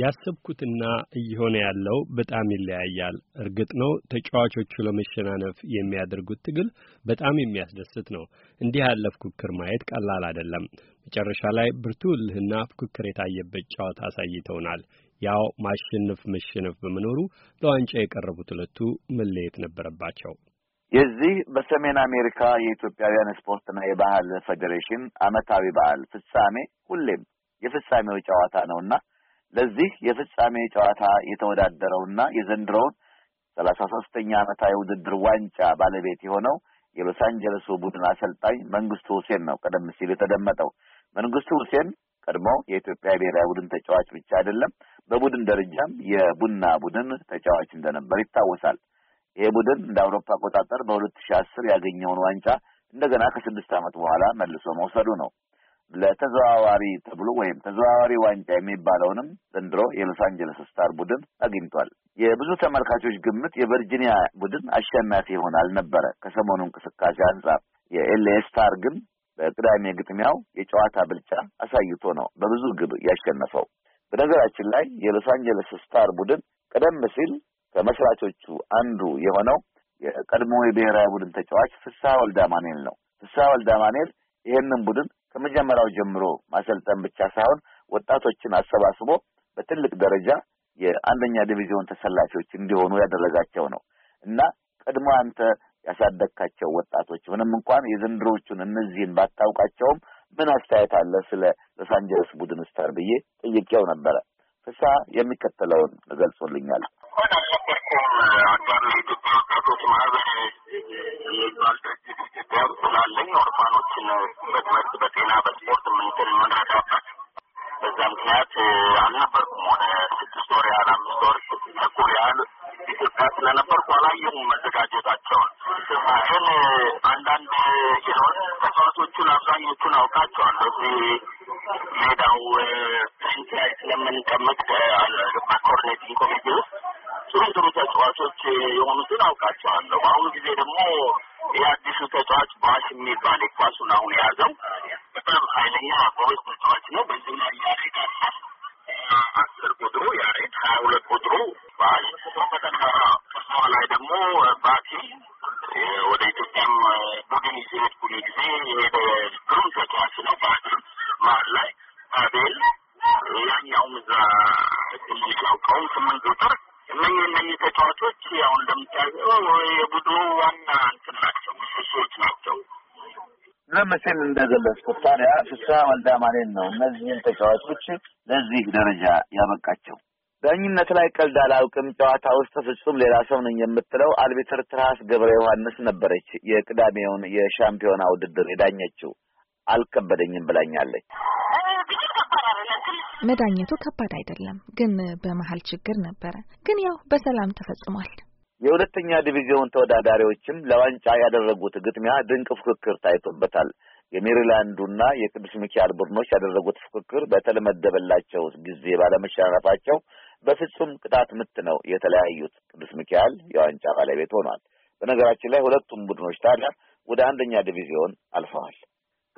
ያሰብኩትና እየሆነ ያለው በጣም ይለያያል። እርግጥ ነው ተጫዋቾቹ ለመሸናነፍ የሚያደርጉት ትግል በጣም የሚያስደስት ነው። እንዲህ ያለ ፉክክር ማየት ቀላል አይደለም። መጨረሻ ላይ ብርቱ እልህና ፉክክር የታየበት ጨዋታ አሳይተውናል። ያው ማሸነፍ መሸነፍ በመኖሩ ለዋንጫ የቀረቡት ሁለቱ መለየት ነበረባቸው። የዚህ በሰሜን አሜሪካ የኢትዮጵያውያን ስፖርትና የባህል ፌዴሬሽን ዓመታዊ በዓል ፍጻሜ ሁሌም የፍጻሜው ጨዋታ ነውና ለዚህ የፍጻሜ ጨዋታ የተወዳደረውና የዘንድሮውን ሰላሳ ሶስተኛ ዓመታዊ ውድድር ዋንጫ ባለቤት የሆነው የሎስ አንጀለሱ ቡድን አሰልጣኝ መንግስቱ ሁሴን ነው። ቀደም ሲል የተደመጠው መንግስቱ ሁሴን ቀድሞ የኢትዮጵያ ብሔራዊ ቡድን ተጫዋች ብቻ አይደለም፣ በቡድን ደረጃም የቡና ቡድን ተጫዋች እንደነበር ይታወሳል። ይሄ ቡድን እንደ አውሮፓ አቆጣጠር በሁለት ሺህ አስር ያገኘውን ዋንጫ እንደገና ከስድስት ዓመት በኋላ መልሶ መውሰዱ ነው። ለተዘዋዋሪ ተብሎ ወይም ተዘዋዋሪ ዋንጫ የሚባለውንም ዘንድሮ የሎስ አንጀለስ ስታር ቡድን አግኝቷል። የብዙ ተመልካቾች ግምት የቨርጂኒያ ቡድን አሸናፊ ይሆናል ነበረ ከሰሞኑ እንቅስቃሴ አንጻር። የኤልኤ ስታር ግን በቅዳሜ ግጥሚያው የጨዋታ ብልጫ አሳይቶ ነው በብዙ ግብ ያሸነፈው። በነገራችን ላይ የሎስ አንጀለስ ስታር ቡድን ቀደም ሲል ከመስራቾቹ አንዱ የሆነው የቀድሞ የብሔራዊ ቡድን ተጫዋች ፍስሐ ወልዳማኔል ነው። ፍስሐ ወልዳማኔል ይህንን ቡድን ከመጀመሪያው ጀምሮ ማሰልጠን ብቻ ሳይሆን ወጣቶችን አሰባስቦ በትልቅ ደረጃ የአንደኛ ዲቪዚዮን ተሰላፊዎች እንዲሆኑ ያደረጋቸው ነው እና ቀድሞ አንተ ያሳደግካቸው ወጣቶች ምንም እንኳን የዘንድሮቹን እነዚህን ባታውቃቸውም ምን አስተያየት አለ ስለ ሎስ አንጀለስ ቡድን ስታር ብዬ ጠይቄው ነበረ። ፍሳ የሚከተለውን ገልጾልኛል። አልነበርኩም። ወጣቶች ማህበር አልነበርኩም። ወደ ስድስት ወር ያህል አምስት ወር ተኩል ያህል ኢትዮጵያ ስለነበርኩ አላየሁም መዘጋጀታቸውን። ግን አንዳንድ ሆን ተጫዋቾቹን አብዛኞቹን አውቃቸዋል እዚህ ሜዳው ፊንት ላይ ስለምንቀምጥ በኮርኔቲንግ ኮሚቴ ውስጥ ጥሩ ጥሩ ተጫዋቾች የሆኑትን አውቃቸዋለሁ። በአሁኑ ጊዜ ደግሞ የአዲሱ ተጫዋች ባሽ የሚባል የኳሱን አሁን የያዘው በጣም ኃይለኛ ጎበዝ ተጫዋች ነው። በዚህ ላይ ደግሞ ባቲ ወደ ኢትዮጵያም ቡድን ይዤ ሄድኩኝ ጊዜ የሄደ ግሩም ተጫዋች ነው። ባህር መሀል ላይ አቤል ያኛውም እዛ የምናውቀውም ስምንት ቁጥር እነኝ እነኝ ተጫዋቾች ያው እንደምታየው የቡድኑ ዋና እንትን ናቸው፣ ምሰሶዎች ናቸው። ቀደም ሲል እንደገለጽኩት ታዲያ ፍስሐ ወልደ አማኑኤል ነው እነዚህን ተጫዋቾች ለዚህ ደረጃ ያበቃቸው። ዳኝነት ላይ ቀልድ አላውቅም፣ ጨዋታ ውስጥ ፍጹም ሌላ ሰው ነኝ የምትለው አልቢተር ትርሃስ ገብረ ዮሐንስ ነበረች የቅዳሜውን የሻምፒዮና ውድድር የዳኘችው። አልከበደኝም ብላኛለች። መዳኘቱ ከባድ አይደለም፣ ግን በመሀል ችግር ነበረ። ግን ያው በሰላም ተፈጽሟል። የሁለተኛ ዲቪዚዮን ተወዳዳሪዎችም ለዋንጫ ያደረጉት ግጥሚያ ድንቅ ፉክክር ታይቶበታል። የሜሪላንዱና የቅዱስ ሚካኤል ቡድኖች ያደረጉት ፉክክር በተለመደበላቸው ጊዜ ባለመሸናነፋቸው በፍጹም ቅጣት ምት ነው የተለያዩት። ቅዱስ ሚካኤል የዋንጫ ባለቤት ሆኗል። በነገራችን ላይ ሁለቱም ቡድኖች ታዲያ ወደ አንደኛ ዲቪዚዮን አልፈዋል።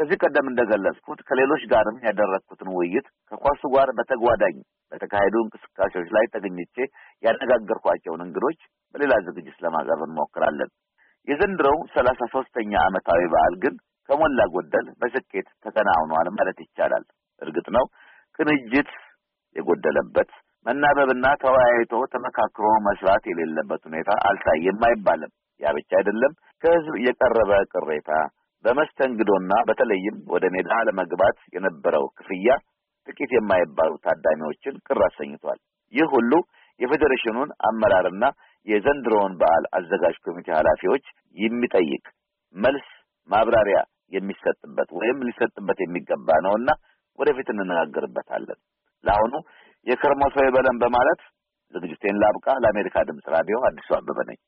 ከዚህ ቀደም እንደገለጽኩት ከሌሎች ጋርም ያደረግኩትን ውይይት ከኳሱ ጋር በተጓዳኝ በተካሄዱ እንቅስቃሴዎች ላይ ተገኝቼ ያነጋገርኳቸውን እንግዶች በሌላ ዝግጅት ለማቅረብ እንሞክራለን። የዘንድሮው ሰላሳ ሶስተኛ ዓመታዊ በዓል ግን ከሞላ ጎደል በስኬት ተከናውኗል ማለት ይቻላል። እርግጥ ነው ክንጅት የጎደለበት መናበብና ተወያይቶ ተመካክሮ መስራት የሌለበት ሁኔታ አልታየም አይባልም። ያ ብቻ አይደለም። ከህዝብ የቀረበ ቅሬታ በመስተንግዶና በተለይም ወደ ሜዳ ለመግባት የነበረው ክፍያ ጥቂት የማይባሉ ታዳሚዎችን ቅር አሰኝቷል። ይህ ሁሉ የፌዴሬሽኑን አመራርና የዘንድሮውን በዓል አዘጋጅ ኮሚቴ ኃላፊዎች የሚጠይቅ መልስ ማብራሪያ የሚሰጥበት ወይም ሊሰጥበት የሚገባ ነውና ወደፊት እንነጋገርበታለን። ለአሁኑ የከርሞ ሰው ይበለን በማለት ዝግጅቴን ላብቃ። ለአሜሪካ ድምፅ ራዲዮ አዲሱ አበበ ነኝ።